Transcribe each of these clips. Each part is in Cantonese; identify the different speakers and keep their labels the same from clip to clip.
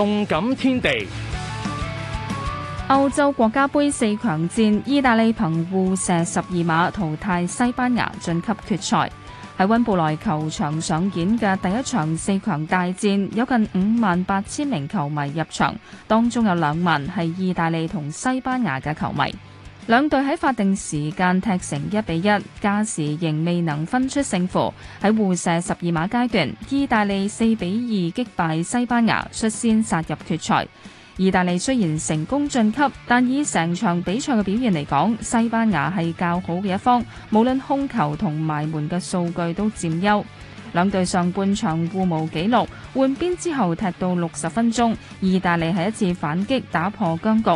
Speaker 1: 動感天地。歐洲國家盃四強戰，意大利憑互射十二碼淘汰西班牙，晉級決賽。喺溫布萊球場上演嘅第一場四強大戰，有近五萬八千名球迷入場，當中有兩萬係意大利同西班牙嘅球迷。兩隊喺法定時間踢成一比一，加時仍未能分出勝負。喺互射十二碼階段，意大利四比二擊敗西班牙，率先殺入決賽。意大利雖然成功晉級，但以成場比賽嘅表現嚟講，西班牙係較好嘅一方，無論控球同埋門嘅數據都佔優。兩隊上半場互無紀錄，換邊之後踢到六十分鐘，意大利喺一次反擊打破僵局。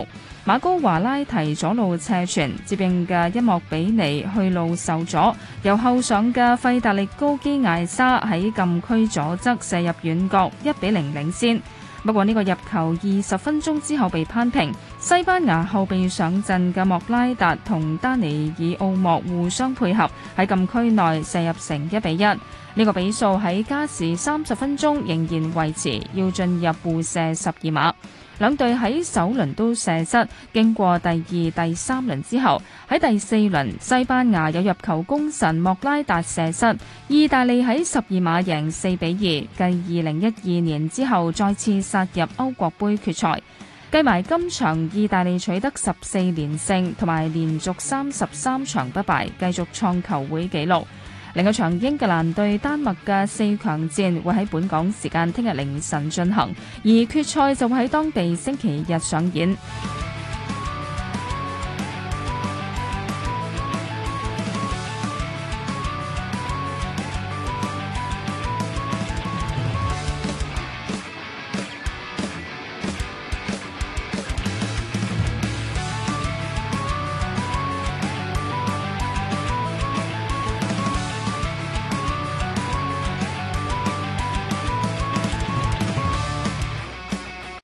Speaker 1: 馬高華拉提左路斜傳接應嘅一莫比尼去路受阻，由後上嘅費達力高基艾莎喺禁區左側射入遠角，一比零領先。不過呢個入球二十分鐘之後被扳平，西班牙後備上陣嘅莫拉達同丹尼爾奧莫互相配合喺禁區內射入成一比一，呢個比數喺加時三十分鐘仍然維持，要進入互射十二碼。兩隊喺首輪都射失，經過第二、第三輪之後，喺第四輪西班牙有入球功臣莫拉達射失，意大利喺十二碼贏四比二，繼二零一二年之後再次。殺入歐國杯決賽，計埋今場意大利取得十四連勝，同埋連續三十三場不敗，繼續創球會紀錄。另一場英格蘭對丹麥嘅四強戰會喺本港時間聽日凌晨進行，而決賽就會喺當地星期日上演。